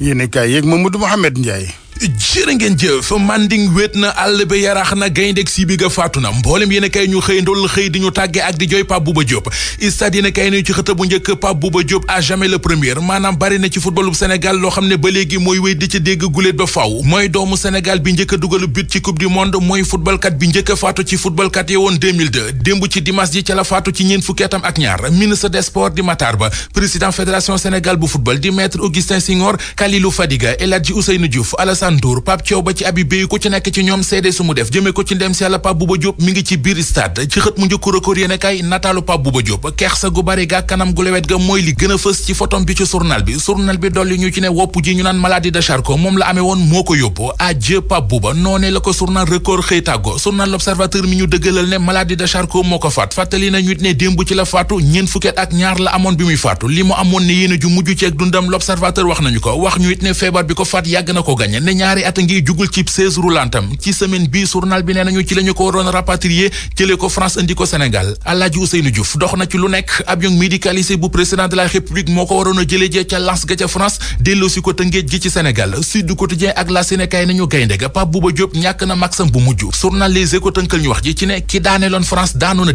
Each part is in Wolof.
yéen kaay yeeg Mamadou Mouhamed Ndiaye. jërë ngeen jëf manding wéet na àll bi yaraax na gayndeg si ga faatu na mboolem yéen a kay ñu xëy ndol xëy di ñu tàgge ak di jooy Pape Bouba Diop stade yéen kay ñu ci xëta bu njëkk Pape Bouba Diop à jamais le premier maanaam bari na ci footballu Sénégal loo xam ne ba léegi mooy wéy di ci dégg guléet ba faw mooy doomu Sénégal bi njëkk a dugalu but ci coupe du monde mooy footballkat bi njëkk faatu ci footballkat yi woon 2002 démb ci dimanche ji ca la faatu ci ñeen fukki atam ak ñaar ministre des sports di Matar Ba président fédération Sénégal bu football di maître Ndour Pape Thiaw ba ci abi béyu ku ci nekk ci ñoom seede su def jëmee ko ci ndem si yàlla Pape Bouba Diop mi ngi ci biir stade ci xët mu njëkku record yéen kay nataalu Pape Bouba Diop kersa gu bari ga kanam gu lewet ga mooy li gën a fës ci photom bi ci journal bi journal bi dolli ñu ci ne wopp ji ñu naan maladie de Charcot moom la amee woon moo ko yóbbu adieu Pape Bouba noonee la ko journal record xëy tàggo journal l'observateur mi ñu dëggalal ne maladie de Charcot ne ñaari at ngi jugul ci chaise roulantam ci semaine bi journal bi nee nañu ci la ko waroon rapatrier jëlee ko France indi ko Sénégal Alaaji Ousseynou Diouf dox na ci lu nekk avion médicalisé bu président de la République moo ko waroon a jee ca Lens ga ca France delloo ko Tëngéej gi ci Sénégal Sud Quotidien ak la Sénégal nañu gaynde ga Pape Bouba Diop ñàkk na maxam bu mujj journal Les Échos tënkal ñu wax ji ci ne ki daaneeloon France daanoon a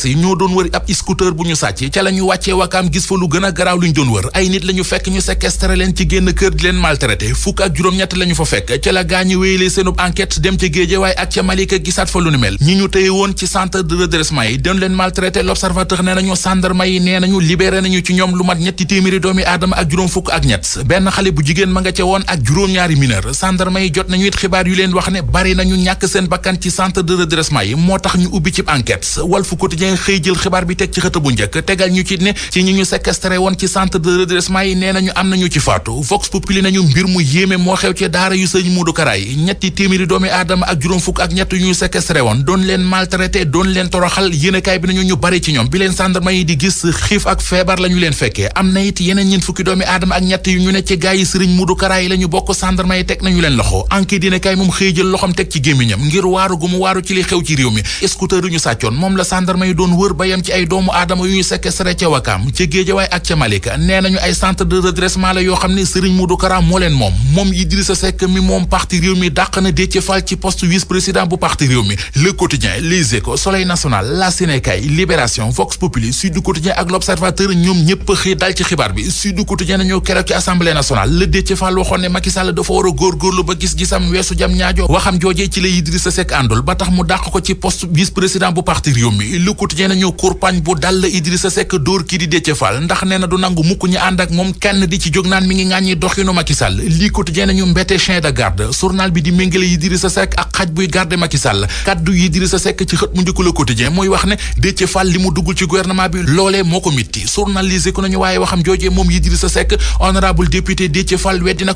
commerce yi ñoo bu ñu sàcc ca la ñu wàccee wakaam gis fa lu gën a garaaw lu ñu doon ñu fekk ñu séquestré leen ci génn kër di leen maltraité fukk ak juróom-ñett la ñu fa fekk ca la gaañi wéyelee seenub enquête dem ca Géejawaay ak ca Malika gisaat fa lu ni mel ñi ñu téye woon ci centre de redressement yi doon leen maltraité l'observateur nee nañu gendarme yi nee nañu libéré nañu ci ñoom lu mat ñetti téeméeri doomi aadama ak juróom fukk ak ñett benn xale bu jigéen ma nga ca woon ak juróom-ñaari mineur gendarme yi jot nañu it xibaar yu leen wax ne bari nañu ñàkk seen bakkan ci centre de redressement yi moo tax ñu ubbi ci enquête Walf Quotidien quotidien xëy jël xibaar bi teg ci xët bu njëkk tegal ñu ci ne ci ñi ñu séquestré woon ci centre de redressement yi nee nañu am nañu ci faatu vox populi nañu mbir mu yéeme moo xew ci daara yu sëñ Moodu Karaay ñetti ñu bari ci ñoom bi leen gendarme yi di gis xiif ak feebar la leen fekkee am na it yeneen ñeent fukki doomi aadama ak ñett yu ñu ne ci gaa yi sëriñ Moodu Karaay la ñu bokk gendarme yi teg nañu leen loxo enquête yéenekaay moom xëy jël loxom teg ci gémmiñam doon wër ba yem ci ay doomu aadama yu ñu séquestré ca Wakaam ca Géejawaay ak ca Malika nee nañu ay centre de redressement la yoo xam ne Serigne Modou Kara moo leen moom moom Idrissa Seck mi moom parti réew mi dàq na Déthié Fall ci poste vice président bu parti réew mi Le Quotidien Les Échos Soleil National La Sénékay Libération Vox Populi Sud du ak L'Observateur ñoom ñëpp xëy dal ci xibaar bi Sud du nañu keroog ci assemblée nationale la Déthié Quotidien nañu kurpañ bu dal Idrissa Seck dóor kii di Déthié Fall ndax nee du nangu mukk ñu ànd ak moom kenn di ci jóg naan mi ngi ŋàññi doxinu Macky lii Quotidien nañu mbete chien de garde journal bi di méngale Idrissa Seck ak xaj buy garde Macky Sall kaddu yi Idrissa Seck ci xët mu njëkk la mooy wax ne Déthié Fall li mu duggul ci gouvernement bi loolee moo ko mitti journalisé ku nañu waaye waxam joojee moom Idrissa Seck honorable député Déthié Fall weddi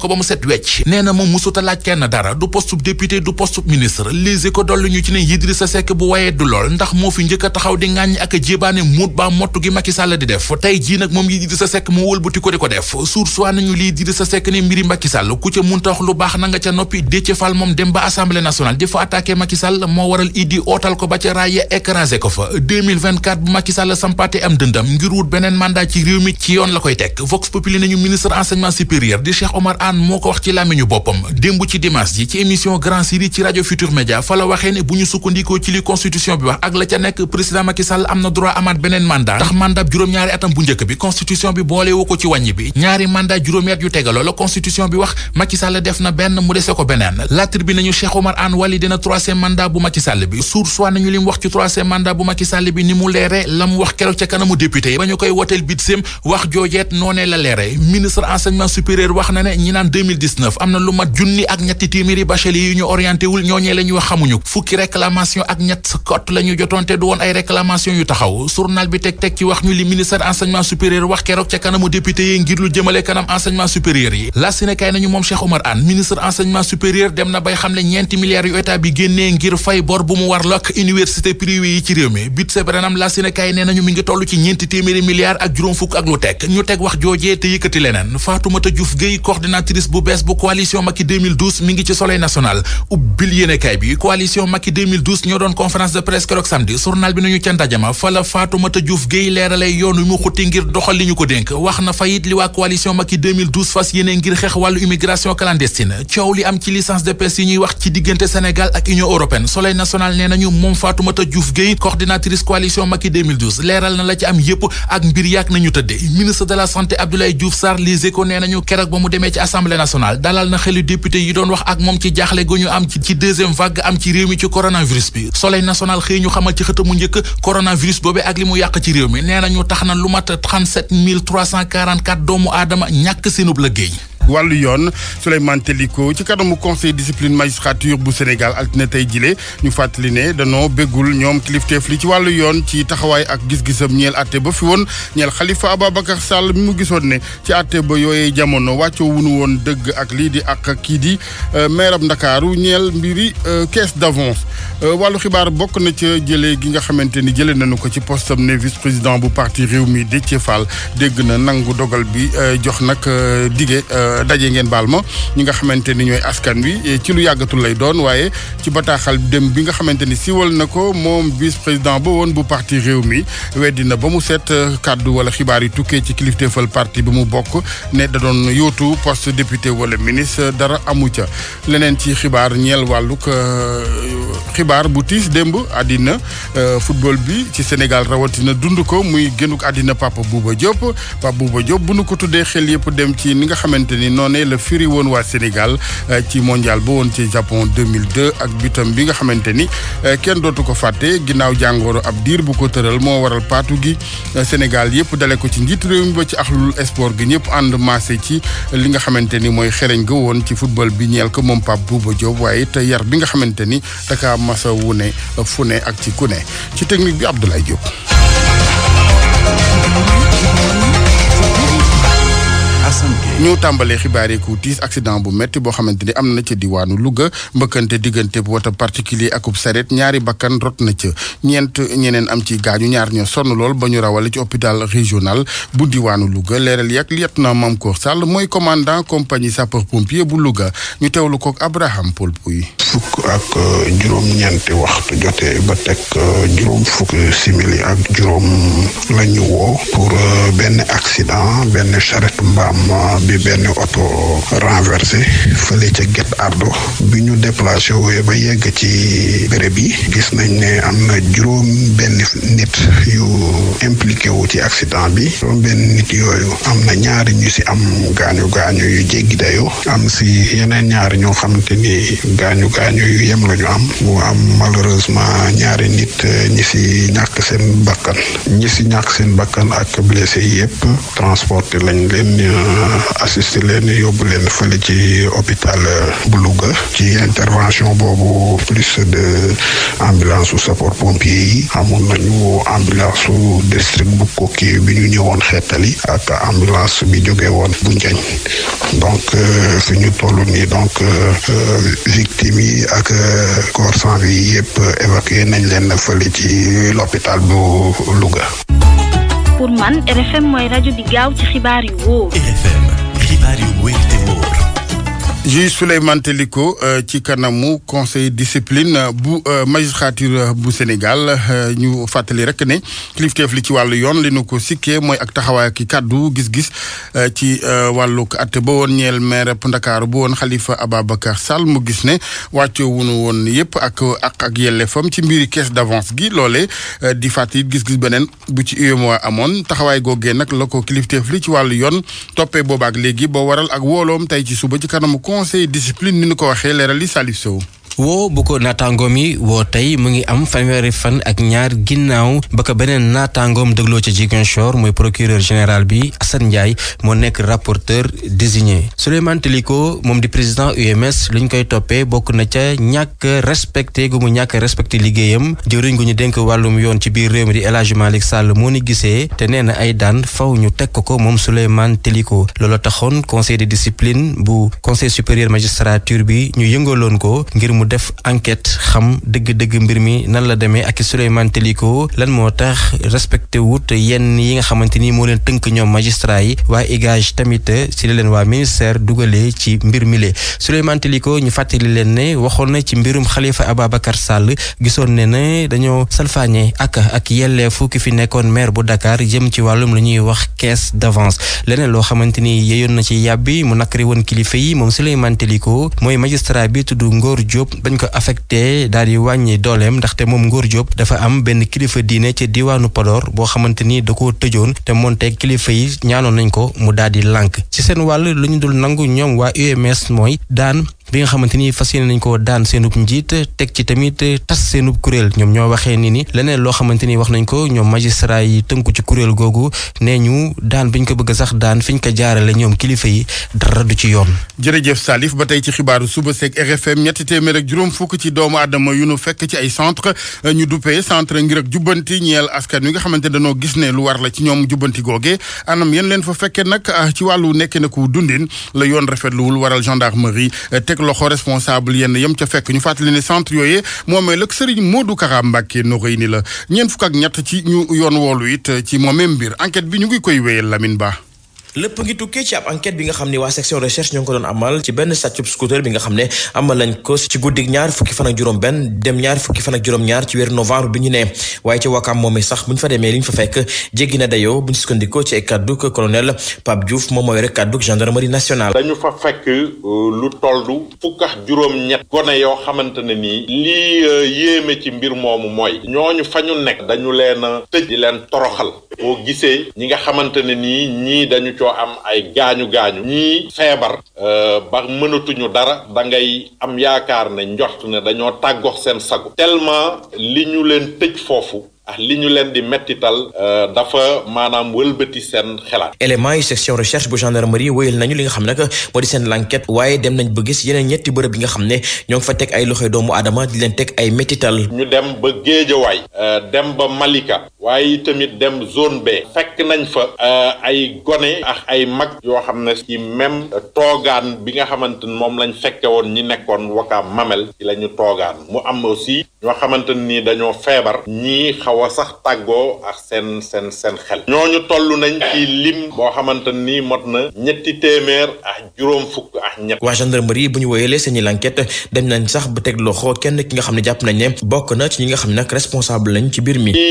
di ŋàññ ak a jébaane muut baa mottu gi Macky Sall di def tey jii nag moom yi Idrissa Seck mu wëlbati ko di ko def sursoi nañu lii Idrissa Seck ne mbiri Macky ku ca munta wax lu baax na ca noppi Déthié Fall moom dem ba assemblée nationale di fa attaqué Macky moo waral idi ootal ko ba ca raaya écrasé ko fa bu Macky Sall sampaate am dëndam ngir wut beneen mandat ci réew mi ci yoon la koy teg Vox Populi nañu ministre enseignement supérieur Macky Sall am na droit amaat beneen mandat ndax mandat juróom-ñaari atam bu njëkk bi constitution bi boolewu ko ci wàññi bi ñaari mandat juróomi at yu tegaloo la constitution bi wax Macky Sall def na benn mu dese ko beneen la tribune nañu Cheikh Omar Anne wali dina troisième mandat bu Macky Sall bi suur nañu li wax ci troisième mandat bu Macky Sall bi ni mu leere la mu wax keroog ca kanamu député yi ba ñu koy woteel bit wax joojeet noonee la leere réclamation yu taxaw journal bi teg teg ci wax ñu li ministère enseignement supérieur wax keroog ca kanamu député yi ngir lu jëmale kanam enseignement supérieur yi la nañu moom Cheikh Omar Anne ministre enseignement supérieur dem na bay xam ne yu état bi génnee ngir fay bor bu mu warlok université privée yi ci réew mi but sebranam la ne nañu mi ngi toll ci ñeenti ak juróom fukk ak lu teg ñu teg wax joojee te yëkkati leneen Fatoumata Diouf ca ndajama fa la Fatoumata Diouf Guèye leerale yoon wi mu xuti ngir doxal ko dénk wax na fa it li waa coalition Macky 2012 fas yéene ngir xeex wàllu immigration clandestine coow li am ci licence de pêche yi ñuy wax ci diggante Sénégal ak Union européenne Soleil national nee nañu moom Fatoumata Diouf Guèye coordinatrice coalition Macky 2012 leeral na la ci am yépp ak mbir yàgg nañu tëddee ministre de la santé Abdoulaye Diouf Sarr Les nee nañu keroog ba mu demee ci assemblée nationale dalal na xelu député yi am ci deuxième vague am bi Soleil national xëy ñu xamal coronavirus boobee ak li mu yàq ci réew mi nee nañu tax na lu mat 37 344 doomu aadama ñàkk seenub liggéey wàllu yoon Souleymane Teliko ci kanamu conseil discipline magistrature bu Sénégal altine tey jile ñu fàttali ne danoo béggul ñoom kilifteef li ci wàllu yoon ci taxawaay ak gis-gisam ñeel àtte ba fi woon ñeel Xalifa Ababacar Sall bi mu gisoon ne ci àtte ba yooyee jamono wàccoo woon dëgg ak lii di ak kii di euh, maire ab Ndakaaru ñeel mbiri euh, caisse d'avance euh, wàllu xibaar bokk na ca jëlee gi nga xamante ni jëlee nañu ko ci postam ne vice président bu parti réew mi Déthié Fall dégg na nangu dogal bi jox nag dige daje ngeen baal ma ñi nga xamante ni ñooy askan wi eh, ci lu yàggatul lay doon waaye ci bataaxal dem bi nga xamante ni siiwal na ko moom vice président ba woon bu parti réew mi weddi na ba mu seet eh, kàddu wala xibaar yi tukkee ci kilifteefal parti bi mu bokk ne da doon yóotu poste député wala ministre dara amu ca leneen ci xibaar ñeel wàllug eh, xibaar bu tiis démb àddina football bi ci Sénégal rawatina dund ko muy génnuk àddina Papa Bouba Diop bu nu ko tuddee ni noonee la firi woon waa Sénégal euh, ci mondial ba woon ci Japon 2002 ak bitam bi nga xamante ni euh, kenn dootu ko fàtte ginnaaw jàngoro ab diir bu ko tëral moo waral paatu gi euh, senegaal yëpp dale ko ci njiitu réew mi ba ci axlul espoor gi ñëpp ànd maase ci li nga xamante ni mooy xereñ ga woon ci football bi ñeel ko moom Pape Bouba Diop waaye it yar bi nga xamante ni daka masa wu ne ak ci ku ci technique bi abdulay Diop. ñu tàmbalee xibaar yi ku tiis accident bu métti boo xamante ni am na ca diwaanu luga mbëkkante diggante bu wata particulier akub saret ñaari bakkan rot na ca ñeent ñeneen am ci gaañu ñaar ñoo sonn lool ba ñu rawale ci hôpital régional bu diwaanu Louga leeral na lieutenant Mamkour Sall mooy commandant compagnie sapeur pompier bu Louga ñu teewlu kook Abraham Paul Pouy fukk ak euh, juróom-ñeenti waxtu jotee ba teg euh, juróom fukk simili ak juróom la woo pou euh, benn accident benn charrette am bi benn oto renversé fële ca Guet Ardo bi ñu déplacé wooye ba yegg ci béréb bi gis nañ ne am na juróom benn nit yu impliqué wu ci accident bi juróom benn nit yooyu am na ñaari ñu si am gaañu gaañu yu jéggi dayo am si yeneen ñaari ñoo xamante ni gaañu gaañu yu yem lañu am mu am malheureusement ñaari nit eh, ñi si ñàkk seen bakkan ñi si ñàkk seen bakkan ak blessé yi transporté lañ leen eh, assister leen yóbbu leen fële ci hôpital euh, bu Louga ci intervention boobu plus de ambulance su sapeur pompier yi amoon nañu ambulance su district bu Koki bi ñu ñëwoon xeetali ak ambulance bi jógee woon bu Njañ donc euh, fi ñu toll nii donc euh, victime yi ak corps sans vie yëpp évacué nañ leen fële ci l'hôpital bu Louga. pour man RFM mooy rajo bi gaaw ci xibaar yu wóor. RFM xibaar yu wóor te wóor. juge Souleymane Teliko euh, ci kanamu conseil discipline euh, bu euh, magistrature bu Sénégal ñu fàttali rek ne kilifteef li ci wàllu yoon li nu ko sikkee mooy ak taxawaay ki kàddu gis-gis ci wàllug at ba woon ñeel maire bu Ndakaaru bu woon Khalifa Ababacar Sall mu gis ne wàccoo woon yëpp ak ak ak yelleefam ci mbiri caisse d'avance gi loole di fàttali gis-gis beneen bu ci UEMOA amoon taxawaay googee nag la ko kilifteef li ci wàllu yoon toppee boobaak léegi ba waral ak wooloom tey ci suba ci kanamu. conseil discipline ni ñu ko waxee leeral li Salif Sow woo bu ko naataangoom yi woo tey mu ngi am fanweeri fan ak ñaar ginnaaw ba ko beneen naataangoom dégloo ca Ziguinchor mooy procureur général bi Assane Ndiaye moo nekk rapporteur désigné Souleymane Teliko moom di président UMS li ñu koy toppee bokk na ca ñàkk respecté gu mu ñàkk respecté liggéeyam jëriñ gu ñu denk wàllum yoon ci biir réew mi di El Hadji Malick Sall moo ni gisee te nee na ay daan faw ñu teg ko moom Souleymane Teliko loolu taxoon conseil de discipline bu conseil supérieur magistrature bi ñu yëngaloon ko mu def enquête xam dëgg-dëgg mbir mi nan la demee ak Souleymane Teliko lan moo tax respecté wut yenn yi nga xamante ni moo leen tënk ñoom magistrat yi waaye igage tamit si la leen waa ministère dugalee ci mbir mi le Souleymane Teliko ñu fàttali leen ne waxoon na ci mbirum Khalifa Ababacar Sall gisoon ne ne dañoo salfaañe ak ak yelleefu fukki fi nekkoon maire bu Dakar jëm ci wàllum lu ñuy wax caisse d'avance leneen loo xamante ni yeyoon na ci yàbbi mu nakari woon kilifa yi moom Souleymane Teliko mooy magistrat Diop bañ ko affecté daal di wàññi dooleem ndaxte moom Ngor Diop dafa am benn kilifa diine ci diwaanu Podor boo xamante ni da koo tëjoon te moonte kilifa yi ñaanoon nañ ko mu daal di lànk ci seen wàll lu ñu dul nangu ñoom waa UMS mooy daan bi nga xamante ni fas yéene nañ ko daan seenub njiit teg ci tamit tas seenub kuréel ñoom ñoo waxee ni ni leneen loo xamante ni wax nañ ko ñoom magistrat yi tënku ci kuréel googu nee ñu daan biñ ko bëgg sax daan fiñ ko jaarale ñoom kilifa yi dara du ci yoon. jërëjëf Salif ba tey ci xibaaru suba seek RFM ñetti téeméer ak juróom fukk ci doomu adama yu nu fekk ci ay centre euh, ñu duppee centre ngir ak jubbanti ñeel askan yi nga xamante danoo gis ne lu war la ci ñoom jubbanti googe anam yéen leen fa fekkee nag euh, ci wàllu nekk ku dundin la yoon rafetluwul waral gendarmerie euh, loxo responsable yenn yam ca fekk ñu fàttali ne centre yooyee moomee lëg sëriñ Modou Kara Mbacké noxëy ni la ñeent fukk ak ñett ci ñu yoon woolu it ci moomee mbir enquête bi ñu ngi koy wéyal lamin Ba lépp ngi tukkee ci ab enquête bi nga xam ne waa section recherche ñoo ngi ko doon amal ci benn sàccub scooter bi nga xam ne amal lañ ko ci guddig ñaar fukki fan ak juróom benn dem ñaar fukki fan ak juróom-ñaar ci weeru novembre bi ñu ne waaye ci wakaam moom sax buñ fa demee na dayoo euh, lii euh, yéeme ci mbir moomu mooy ñooñu fa ñu nekk dañu leen tëj leen toroxal boo gisee ñi nga xamante nii ñii dañu coo am ay gaañu gaañu ñii feebar euh, ba mënatuñu dara da ngay am yaakaar ne njort ne dañoo tàggox seen sagu tellement li ñu leen tëj foofu ah li ñu leen di mettital euh, dafa maanaam wëlbati seen xelaat. élément yi section recherche bu gendarmerie wéyal nañu li nga xam nag moo di seen l'enquête waaye dem nañ ba gis yeneen ñetti bërëb yi nga xam ne ñoo fa teg ay doomu aadama leen teg ay mettital ñu dem ba Géejawaay euh, dem ba Malika waaye tamit dem zone B fekk nañ fa euh, ay gone ak ay mag yoo xam ne même toogaan bi nga xamante ni moom lañ fekke woon ñi nekkoon Wakaam Mamel ci la ñu toogaan mu am aussi ñoo xamante ni dañoo feebar ñii xaw xaw a sax tàggoo ak seen seen seen xel ñu toll nañ ci lim boo xamante ni mot na ñetti téeméer ak juróom fukk ak ñett waa gendarmerie bu ñu wéyalee seeni l'enquête dem nañ sax ba teg loxo kenn ki nga xam ne jàpp nañ ne bokk na ci ñi nga xam ne nag responsable lañ ci mbir mi ci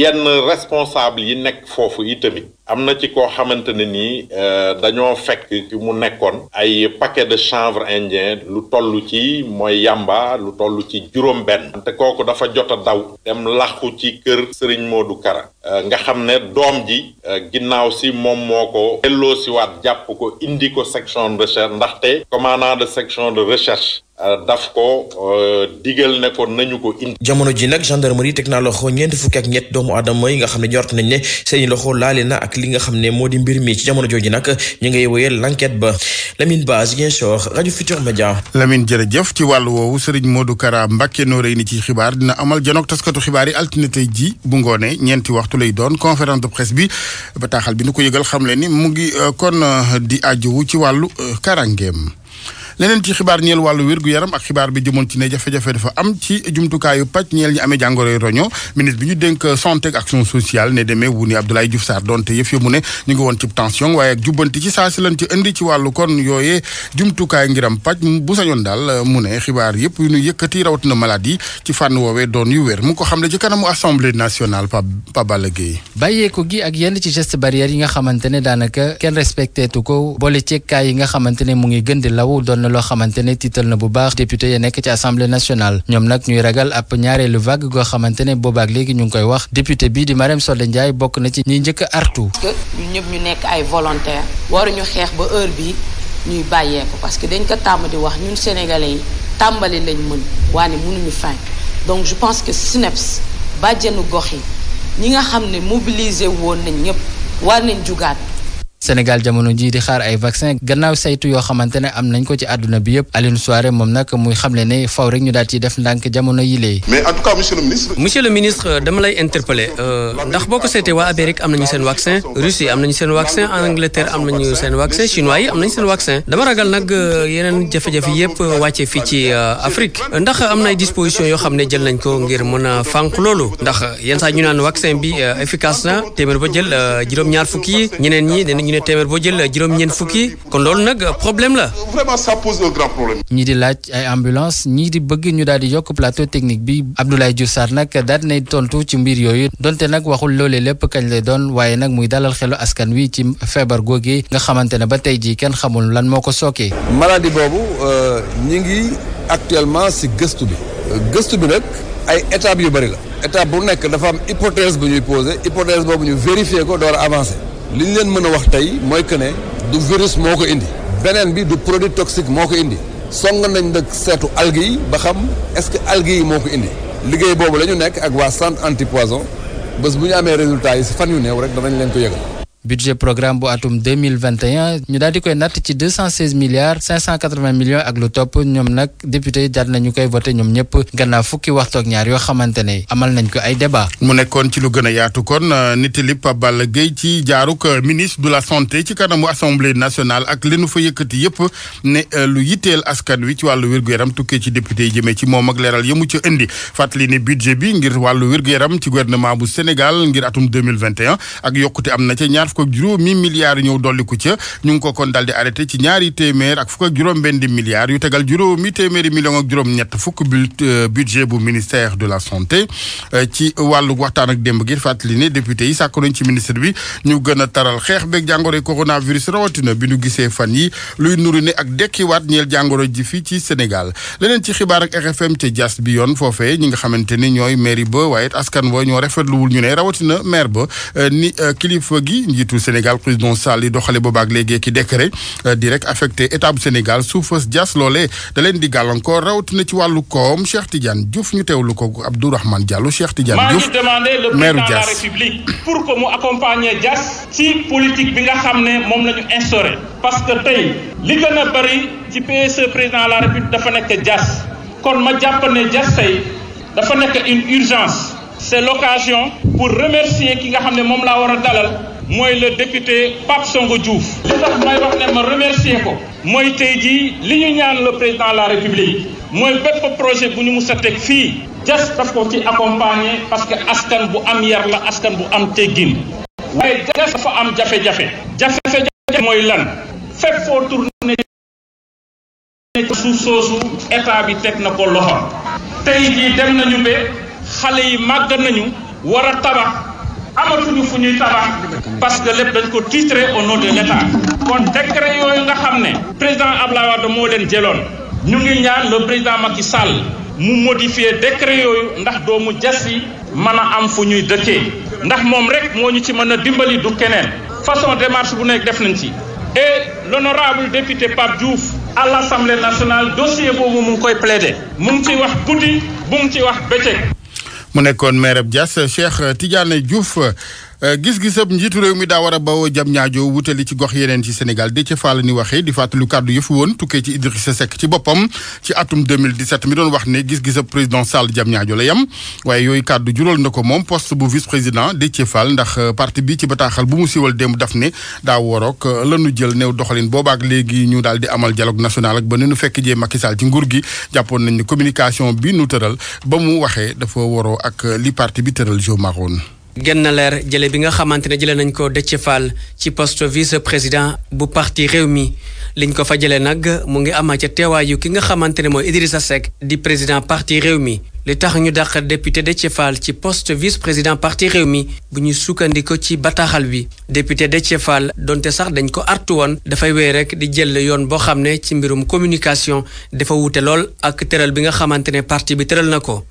yenn responsable yi nekk foofu itamit am na ci koo xamante ne nii euh, dañoo fekk ci mu nekkoon ay paquet de chanvre indien lu toll ci mooy yamba lu toll ci juróom benn te kooku dafa jot a daw dem laxu ci kër Serigne du Kara euh, nga xam ne doom ji euh, ginnaaw si moom moo ko delloo siwaat jàpp ko indi ko section de recherche ndaxte commandant de section de recherche Euh, daf ko euh, digal ne ko nañu ko indi. jamono ji nag gendarmerie teg naa loxo ñeent fukki ak ñett doomu aadama yi nga xam ne jort nañ ne seeni loxo laale na ak li nga xam ne moo di mbir mi ci jamono jooju nag ñu ngay wéyal l'enquête ba Lamine Ba Ziguinchor rajo Futur Media. Lamine jërëjëf ci wàllu woowu Serigne Modou Kara Mbacke noo rëy ni ci xibaar dina amal janook taskatu xibaar yi altine tey ji bu ngoonee ñeenti waxtu lay doon conférence de presse bi bataaxal bi nu ko yëgal xam le ni mu ngi euh, kon di aju ci wàllu karangeem. leneen ci xibaar ñeel wàllu wér-gu-yaram ak xibaar bi jëmoon ci ne jafe-jafe dafa am ci jumtukaayu paj ñeel ñi amee jàngoroy roño ministre bi ñu denk santé ak action sociale ne demee wu ni Abdoulaye Diouf Sarr donte yëf yëmu ne ñu ngi woon ci tension waaye ak jubbanti ci saa si lan ci indi ci wàllu kon yooyee jumtukaay ngiram paj bu sañoon daal mu ne xibaar yëpp yu ñu yëkkati rawatina maladie ci fànn woowee doon yu wér mu ko xam ne ci kanamu assemblée nationale pa pa Balla Gueye bàyyeeku gi ak yenn ci geste barrière yi nga xamante ne daanaka kenn respecté tu ko boole nga xamante ne mu ngi gën di law doon loo xamante ne tiital na bu baax député ya nekk ci assemblée nationale ñoom nag ñuy ragal ab ñaareelu vague goo xamante ne boobaak léegi ñu ngi koy wax député bii di Marème Solle Ndiaye bokk na ci ñiy njëkk a artu. que ñu nekk ay volontaire waruñu xeex ba heure bi ñuy bàyyee parce que dañ ko tàmm di wax ñun sénégalais yi tàmbali lañ mën waane mënuñu fin donc je pense que SNEPS bàjjenu gox yi ñi nga xam ne mobilisé woon nañ ñëpp war nañ jugaat. Sénégal jamono jii di xaar ay vaccin gannaaw saytu yoo xamante ne am nañ ko ci àdduna bi yëpp Alioune Souaré moom nag muy xamle ne faw rek ñu daal ciy def ndànk jamono yi lee. mais en tout le ministre. monsieur le ministre euh, dama lay interpeller euh, ndax boo ko seetee waa Amérique am nañu seen vaccin Russie am nañu seen vaccin Angleterre am nañu seen vaccin chinois yi am nañu seen vaccin dama ragal nag euh, jafe-jafe yëpp fii ci Afrique ndax am na ay yoo xam ne jël nañ ko ngir mën a fànq loolu yenn saa ñu naan vaccin bi efficace na téeméer ba jël juróom-ñaar fukki ñu ne téeméer boo jël juróom-ñeent fukki kon loolu nag problème la. vraiment ça pose ñii di laaj ay ambulance ñii di bëgg ñu daal di yokk plateau technique bi Abdoulaye Diouf Sarr nag daal nay tontu ci mbir yooyu donte nag waxul loolee lépp kañ lay doon waaye nag muy dalal xelu askan wi ci feebar googu nga xamante ne ba tey ji kenn xamul lan moo ko sookee. maladie boobu euh, ñi ngi actuellement si gëstu bi. gëstu bi nag ay étapes yu bëri la. étape bu nekk dafa am hypothèse a li ñu leen mën a wax tey mooy que ne du virus moo ko indi beneen bi du produit toxique moo ko indi song nañ nag seetu algues yi ba xam est-ce que algues yi moo ko indi liggéey boobu la ñu nekk ak waa centre poison bés bu ñu amee résultat yi si fan yu new rek danañ leen ko yëgal budget programme bu atum 2021 ñu daal di koy natt ci 216 milliards 580 millions ak lu topp ñoom nag député daal nañu koy voté ñoom ñëpp gannaaw fukki waxtu ñaar yoo xamante ne amal nañ ko ay débat mu nekkoon ci lu gën a yaatu kon euh, Ndéthié Pape Balla Gueye ci jaaruk euh, ministre de la santé ci kanamu assemblée nationale ak li nu fa yëkkati yëpp ne euh, lu yitteel askan wi ci wàllu wér yaram tukkee ci député yi jëmee ci moom ak leeral yëmu ci indi fàttali ne budget bi ngir wàllu wirgu yaram ci gouvernement bu Sénégal ngir atum 2021 ak yokkute am na ca ñaar fukk ak juróom mi milliards ñëw dolliku ca ñu ngi ko kon daal di arrêté ci ñaari téeméer ak fukk ak juróom benn milliards yu tegal juróomi téeméeri million ak juróom ñett fukk euh, budget bu ministère de la santé euh, ci wàllu waxtaan ak démb gi fàttali ni député yi sàkk nañ ci ministre bi ñu gën a taral xeex beeg jàngoro coronavirus rawatina bi ñu gisee fan yi luy nuru ne ak dekkiwaat ñeel jàngoro ji fii ci Sénégal leneen ci xibaar ak RFM ca jas bi yoon foofee ñi nga xamante ni ñooy mairie ba waaye askan wa ñoo rafetluwul ñu ne rawatina maire euh, njiitu Sénégal président Sall yi doxale boobaak léegi ki décret euh, rek affecté état bu Sénégal suufas dias loolee da leen di gàllankoor rawatina ci wàllu koom Cheikh Tidiane Diouf ñu teewlu ko Abdourahmane Diallo Cheikh Tidiane Diouf maire Dias maa ngi demandé le président la République pour que mu accompagner Dias ci politique bi nga xam ne moom la ñu parce que tey li gën a ci PSE président la République dafa nekk Dias kon ma jàpp ne tey dafa nekk une urgence c'est l'occasion mooy le député Pape Songo Diouf li tax may wax ne ma remercier ko mooy tey jii li ñu ñaan le président la république mooy ko projet bu ñu mus a teg fii jas daf ko ci accompagner parce que askan bu am yar la askan bu am teggin waaye jas dafa am jafe-jafe jafe-jafe mooy lan fépp foo tourné suuf soosu état bi teg na ko loxo tey jii dem nañu ba xale yi màgg nañu war tabax amatuñu fu ñuy tabax parce que lépp dañ ko titré au nom de l'État kon décret yooyu nga xam ne président Abdoulaye Wade moo leen jëloon ñu ngi ñaan le président Macky Sall mu modifier décret yooyu ndax doomu jas yi mën a am fu ñuy dëkkee ndax moom rek moo ñu ci mën a dimbali du keneen façon démarche bu nekk def nañ ci et l'honorable député Pape Diouf à l'Assemblée nationale dossier boobu mu ngi koy plaider mu ngi ciy wax guddi bu mu ci wax bëccëg mu nekkoon maire Diass Cheikh Tidiane Diouf Euh, gis-gisab njiitu réew mi daa war a bawoo jam ñaajo wutali ci gox yeneen ci Sénégal Déthié Fall ni waxee di fàttali kàddu yëfu woon tukkee ci Idrissa Seck ci boppam ci atum 2017 mi doon wax ne gis-gisab président Sall jam ñaajo la yam waaye yooyu kàddu jural na ko moom poste bu vice président Déthié faal ndax euh, parti bi ci bataaxal bu mu siwal démb daf ne daa worook euh, lanu jël néew doxalin boobaak léegi ñu daal di amal jalog national ak ba ne nu fekk jee Macky Sall ci nguur gi jàppoon nañ ne communication bi nu ba mu waxee dafa waroo ak li parti bi tëral Jo Maroon genn leer jële bi nga xamante ne jële nañ ko Déthié Fall ci poste vice président bu parti réew Rewmi liñ ko fa jële nag mu ngi ama ca teewaayu ki nga xamante ne mooy sa Seck di président parti réew mi li tax ñu dàq député Déthié Fall ci poste vice président parti réew Rewmi bu ñu sukkandiko ci bataaxal bi député Déthié Fall donte sax dañ ko artu woon dafay wéy rek di jël yoon boo xam ne ci mbirum communication dafa wute lool ak tëral bi nga xamante ne parti bi tëral na ko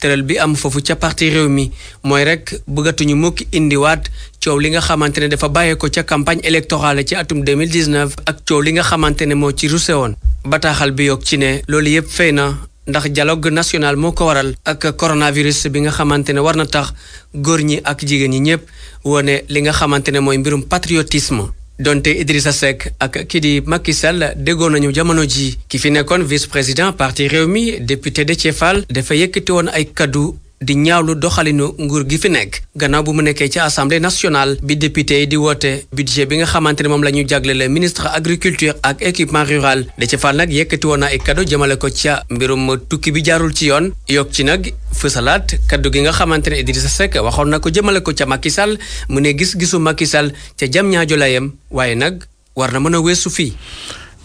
tëral bi am foofu ca parti réew mi mooy rek bëggatuñu mukk indiwaat coow li nga xamante ne dafa bàyyee ko ca campagne électorale ci atum 2019 ak coow li nga xamante ne moo ci ruse woon bataaxal bi yokk ci ne loolu yëpp fay na ndax dialogue national moo ko waral ak coronavirus bi nga xamante ne war na tax góor ñi ak jigéen ñi ñëpp wone li nga xamante ne mooy mbirum patriotisme donte Idrissa Seck ak kii di Macky Sall déggoo nañu jamono ji ki fi nekkoon vice président parti Rewmi député Déthié Fall dafa yëkkati woon ay kaddu di ñaawlu doxalinu nguur gi fi nekk gannaaw bu mu nekkee ca assemblée nationale bi député di woote budget bi nga xamante ne moom la ñu jaglele ministre agriculture ak équipement rural da ci fal nag yëkkati woon na ay kaddu jëmale ko ca mbirum tukki bi jaarul ci yoon yokk ci nag fësalaat kaddu gi nga xamante ne sa Seck waxoon na ko jëmale ko ca Macky Sall mu ne gis-gisu Macky Sall ca jam ñaajo layam waaye nag war na mën a weesu fii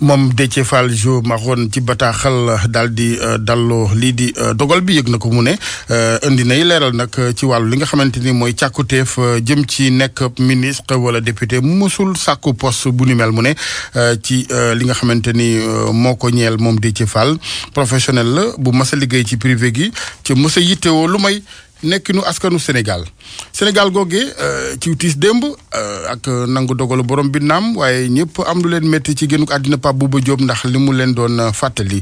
moom Déthié Fall jo Maroon ci bataaxal daal di euh, dalloo lii di euh, dogal bi yëg na ko mu ne euh, indi nay leeral nag ci wàllu li nga xamante ni mooy càkkutéef jëm ci nekk ministre wala député musul sàkku post bu ni mel mu ne ci li nga xamante ni moo ko ñeel moom Déthié Fall professionnel la bu mas liggéey ci privé gi ci mas a yittewoo lu may nekkinu askanu Sénégal Sénégal googee euh, ci tiis démb euh, ak nangu dogalu borom bi naam waaye ñëpp am lu leen métti ci génnuk àddina Pape Bouba Diop ndax li mu leen doon euh, fàttali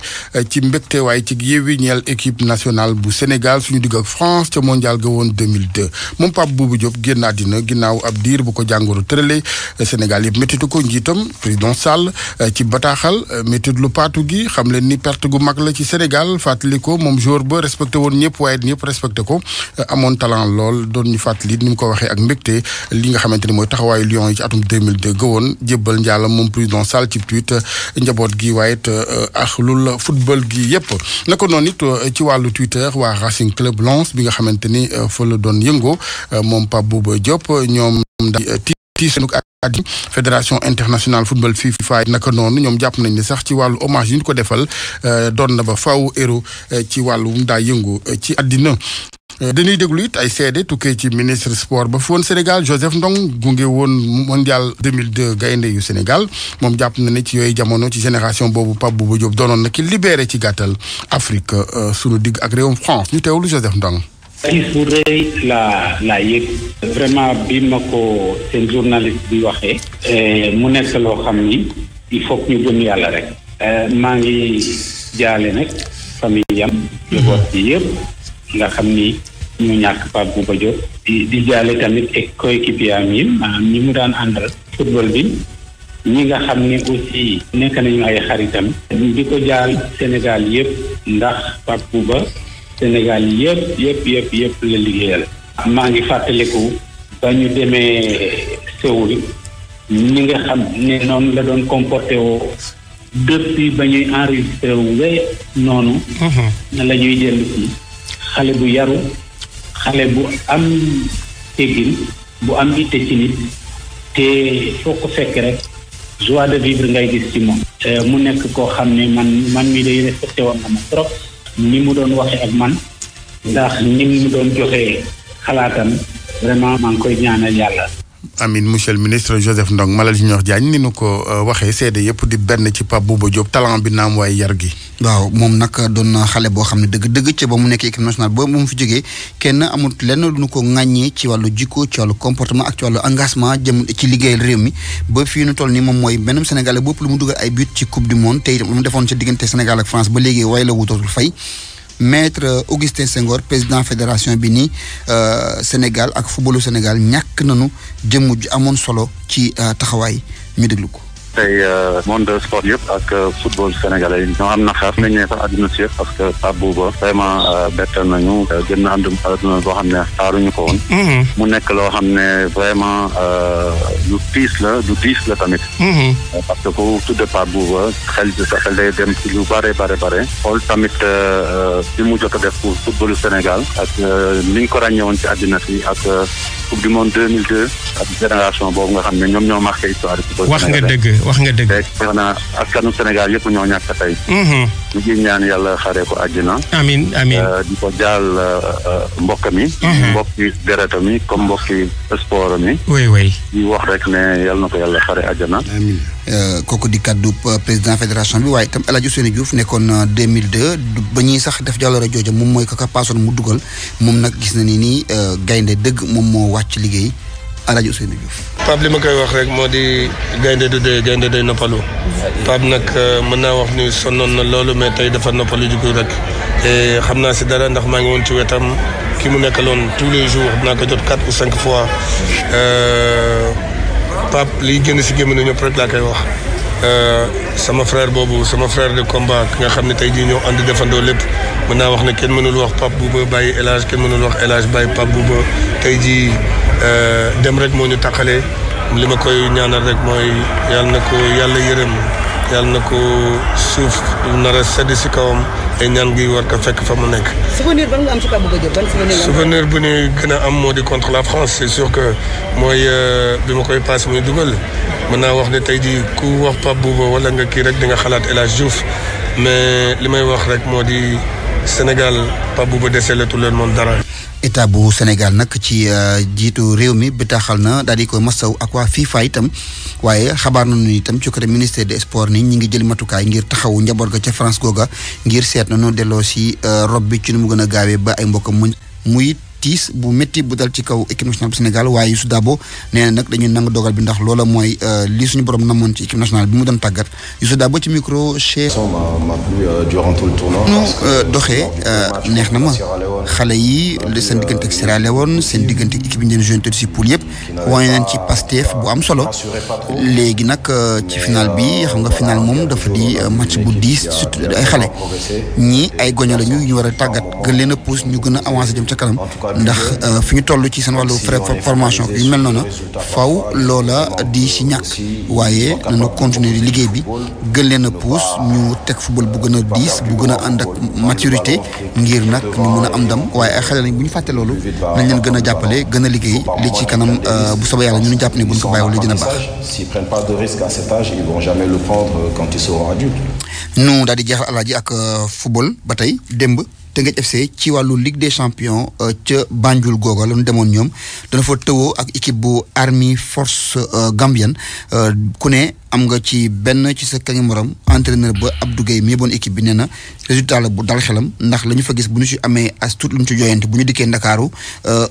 ci mbégte waaye ci yewwi ñeel équipe nationale bu Sénégal suñu digg ak France ca mondial ga woon 2002 moom Pape Bouba Diop génn àddina ginnaaw ab diir bu ko jàngoro tërale Sénégal yëpp méttitu ko njiitam président Sall ci bataaxal métti lu paatu gi xam leen ni perte gu mag la ci Sénégal fàttali ko moom jour ba respecté woon ñëpp waaye ñëpp respecté ko Euh, amoon talent lool doon ñu fàttali ni mu ko waxee ak mbégte li nga xamante ni mooy taxawaayu Lions yi ci atum 2002 gëwoon jébbal njàlla moom président Sall ci tweet njaboot gi waaye it euh, ak lul football gi yëpp naka noonu it euh, ci wàllu Twitter waa Racing Club Lens bi nga xamante ni fa doon yëngoo moom Pape Bouba Diop ñoom daal tiisenuk at yi fédération internationale football FIFA naka noonu ñoom jàpp nañ ne sax ci wàllu hommage yi ñu ko defal doon na ba faw héros ci wàllum daal yëngoo ci àddina Euh, dañuy déglu it ay seede tukkee ci ministre sport ba fi woon Sénégal Joseph Ndong gunge woon mondial 2002 gaynde yu Sénégal moom jàpp na ne ci yooyu jamono ci génération boobu Pape Bouba Diop doonoon na ki libéré ci gàttal Afrique euh, sunu digg ak réewum France ñu teewlu Joseph Ndong. tiis la la vraiment bi ma ko seen journaliste bi waxee euh, mu nekk loo xam ni il faut ñu gëm yàlla rek maa ngi jaale nag famille yam njaboot bi yëpp nga xam ni ñu ñàkk Pape Bouba Diop di di jaale tamit ak e coéquipier am yi maanaam ñi mu daan àndal football bi ñi nga xam ni aussi nekk nañu ay xaritam di ko jaal Sénégal yëpp ndax Pape Bouba Sénégal yëpp yëpp yëpp yëpp la liggéeyal maa ngi fàttaliku ba ñu demee Séoul ñi nga xam ne noonu la doon comporté woo depuis ba ñuy enregistré wu noonu mhm. la ñuy dellu si xale bu yaru xale bu am teggin bu am itte ci nit te foo ko fekk rek joie de vivre ngay gis ci moom mu nekk koo xam ne man man mi de respecté woon na ma trop ni mu doon waxe ak man ndax ni mu doon joxe xalaatam vraiment maa ngi koy ñaanal yàlla amin monsieur le ministre Joseph Ndong Malal Junior Diagne ni nu ko euh, waxee seede yëpp di benn ci Pape Bouba Diop talent bi naam waaye yar gi. waaw moom nag doon na xale boo xam ne dëgg dëgg ci ba mu nekk équipe nationale ba mu fi jógee kenn amul lenn lu ñu ko ŋàññee ci wàllu jikko ci wàllu comportement ak ci wàllu jëm ci liggéeyal réew mi ba fii nu toll nii moom mooy benn Sénégalais bopp lu mu dugal ay but ci coupe du monde te itam lu mu defoon ci diggante Sénégal ak France ba léegi way la wutootul fay. maître Augustin Senghor président fédération bi nii euh, Sénégal ak footballu Sénégal ñàkk nañu jëmm ju amoon solo ci euh, taxawaay ñu déglu ko. tey euh, monde sport yëpp ak euh, football sénégalais yi ñoo am naqar nañ ne sax àdduna si yëpp parce que Pape Bouba vraiment euh, bett nañu gën na àndum àdduna boo xam ne xaaruñu ko woon mm-hmm. mu nekk loo xam ne vraiment lu tiis la lu tiis la tamit mm-hmm. parce que ku tudd Pape Bouba xel sa xel de dem ci lu bare bare bare xool tamit li mu jot a def pour football Sénégal ak niñ ko ràññee woon ci àddina si ak coupe ak génération boobu nga xam ne ñoom ñoo marqué histoire wax nga wax nga dëgg. rek wax na askanu Sénégal yëpp ñoo ñàkk tey. Mm-hmm. ñu ngi ñaan yàlla xaaree ko àjjana. na amiin euh, di ko jaal euh, euh, mbokk mi. Mm-hmm. mbokki dereta mi comme mbokki sport mi. oui oui. di wax rek ne yàlla na ko yàlla xaaree àjjana. amiin kooku di kaddu président fédération bi waaye itam El Hadj Ousseynou Diouf nekkoon 2002 ba ñuy sax def jàllore jooja moom mooy kaka paasoon mu dugal moom nag gis na ni nii gaynde dëgg moom moo wàcc liggéey. Alaaji Ousseynou Diouf. Pape li ma koy wax rek moo di gaynde du dey gaynde day noppalu Pape nag euh, mën naa wax ni sonnoon na loolu mais tey dafa noppalu jugul rek te xam na si dara ndax maa ngi woon ci wetam ki mu nekkaloon tous les jours naa ko jot quatre ou cinq fois euh, Pape liy génn si gémmiñu ñëpp rek laa koy wax. Euh, sama frère boobu sama frère de combat ki nga xam ne tey jii ñoo ànd defandoo lépp mën naa wax ne kenn mënul wax Pape Bouba bàyyi El Hadj kenn mënul wax El Hadj bàyyi Pape Bouba tey jii. Euh, dem rek moo ñu taqale li ma koy ñaanal rek mooy yàlla na ko yàlla yërëm yàlla na ko suuf nar a si kawam ay ñaan gi war ko fekk fa mu nekk. souvenir ban nga am si kaw bëgg a jël ban souvenir souvenir bu ñu gën a am moo di contre la France c'est sûr que mooy euh, bi ma koy paas muy dugal mën naa wax ne tey jii ku wax Pape Bouba wala nga kii rek di nga xalaat El Hadj mais li may wax rek moo di Sénégal Pape Bouba deseelatu leen moom dara. état bu Sénégal nag ci euh, jiitu réew mi bi taxal na daal di koy masaw ak waa FIFA itam waaye xabaar nañu itam ci côté ministère de sports ni ñu ngi jël matukaay ngir taxawu njaboot ga ca France googa ngir seet na noo delloo si euh, rob bi ci nu mu gën a gaawee ba ay mbokk mu it tiis bu métti bu dal ci kaw équipe nationale bu Sénégal waaye Youssou Dabo nee na nag dañuy nangu dogal bi ndax loola mooy euh, li suñu borom namoon ci équipe nationale bi mu doon tàggat Youssou Dabo ci micro chez. ñu euh, euh, doxee neex na ma xale yi seen diggante ak Sierra Leone seen diggante équipe yi ngeen joué si poule yëpp wane nañ ci Pastef bu am solo léegi nag ci final bi xam nga final moom dafa di match bu diis surtout ay xale ñii ay goño la ñu ñu war a tàggat gën leen a pousse ñu gën a avancé jëm ca ndax euh, fi ñu toll ci seen wàllu frais formation yu mel noonu faw loola di si ñàkk waaye nañu continuer di liggéey bi gën leen a pousse ñu teg football bu gën a diis bu gën ànd ak maturité ngir nag ñu mën a am dam waaye ay xale lañ bu ñu fàtte loolu nañ leen gën a jàppale gën a liggéey li ci kanam euh, bu soobee yàlla ñu ngi jàpp ne bu ñu ko bàyyiwul dina baax. S'ils prennent pas de risque à cet âge, ils ak euh, football ba tey démb. Teungueth FC ci wàllu Ligue des champions euh, ca Banjul googa la ñu demoon ñoom dana fa tëwoo ak équipe bu Army Force euh, Gambian euh, ku ne am nga ci benn ci sa kañu morom entraîneur ba Abdou Gueye mi bon équipe bi nee na résultat bu dal xelam ndax la ñu fa gis bu ñu ci amee as tuut lu ñu ci jooyante bu ñu dikkee Ndakaaru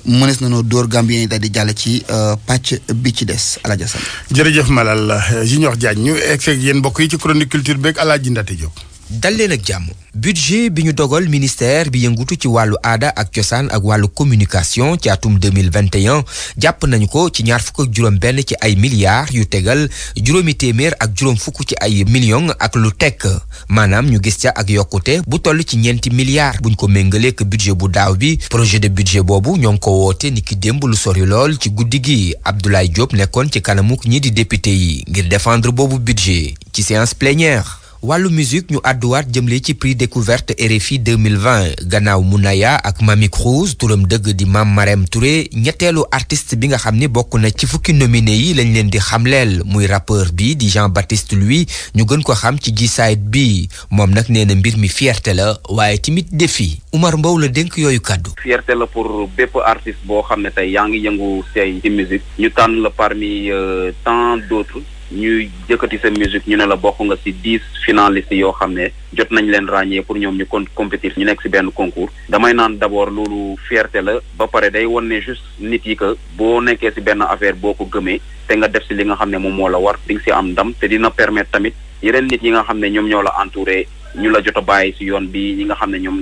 mënees na noo dóor Gambien yi daal di jàll ci pàcc bi ci des Aladji Assane. jërëjëf Malal Junior Diagne ñu egg yéen mbokk yi ci chronique culture beeg Aladji Ndate Diop. dal leen ak jàmm budget bi ñu dogal ministère bi yëngutu ci wàllu aada ak cosaan ak wàllu communication ci atum 2021 jàpp nañu ko ci ñaar fukk ak juróom benn ci ay milliards yu tegal juróomi téeméer ak juróom fukk ci ay millions ak lu tekk maanaam ñu gis ca ak yokkute bu toll ci ñeenti milliards buñ ko méngaleek budget bu daaw bi projet de budget boobu ñoo ngi ko woote ni ki démb lu sori lool ci guddi gi Abdoulaye Diop nekkoon ci kanamuk ñi di député ngir défendre boobu budget ci séance plénière wàllu musique ñu àdduwaat jëmle ci prix découverte RFI 2020 gannaaw Mounaya ak Mami Cruz turam dëgg di Mame Marème Touré ñetteelu artiste bi nga xam ni bokk na ci fukki nominé yi lañ leen di xamleel muy rappeur bi di Jean Baptiste Lui ñu gën ko xam ci G-side bi moom nag nee mbir mi fierté la waaye tamit défi Umar Mbow la dénk yooyu kàddu fierté la pour bépp artiste boo xam ne tey yaa ngi yëngu say ci musique ñu tànn la parmi euh, temps d'autres ñuy jëkkati sa musique ñu ne la bokk nga ci dix finalistes yoo xam ne jot nañ leen ràññee pour ñoom ñu kon compétir ñu nekk ci benn concours damay naan d'abord loolu fierté la ba pare day won ne juste nit yi que boo nekkee ci benn affaire boo ko gëmee te nga def ci li nga xam ne moom moo la war di nga ci am ndam te dina permettre tamit yeneen nit ñi nga xam ne ñoom ñoo la entouré ñu la jot a bàyyi si yoon bi ñi nga xam ne ñoom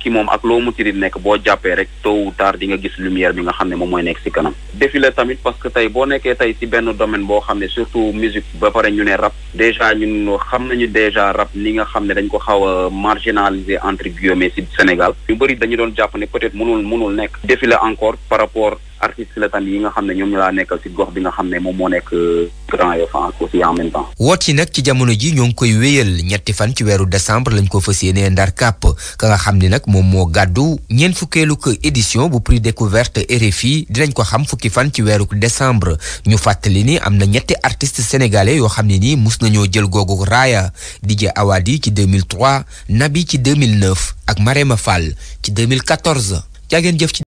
ki moom ak nekk boo jàppee rek tôt ou tard nga gis lumière bi nga xam ne moom mooy nekk si kanam défilé tamit parce que tey boo nekkee tey si benn domaine xam ne surtout musique ba pare ñu ne rap déjà ñun xam nañu déjà rap li nga xam ne dañ ko xaw a marginaliser entre guillemets si Sénégal ñu bëri dañu doon jàpp ne peut-être mënul mënul nekk défilé encore par rapport artistes la tamit yi nga xam ne ñoom ñu laa nekkal si gox bi nga xam ne moom moo nekk euh, Grand Yoff aussi en même temps woote nag ci jamono gi ñoo ngi koy wéyal ñetti fan ci weeru décembre lañ ko fas yéenee ndar ka nga xam ni nag moom moo gàddu ñeent fukkeelu ko édition bu prix découverte RFI dinañ ko xam fukki fan ci weeru décembre ñu fàttali ni am na ñetti artiste sénégalais yoo xam ne nii mus nañoo jël googu raaya DJ Awadi ci mille 2003 Nabi ci mille 2009 ak Marema Fall ci 2014 jaa ngeen jëf ci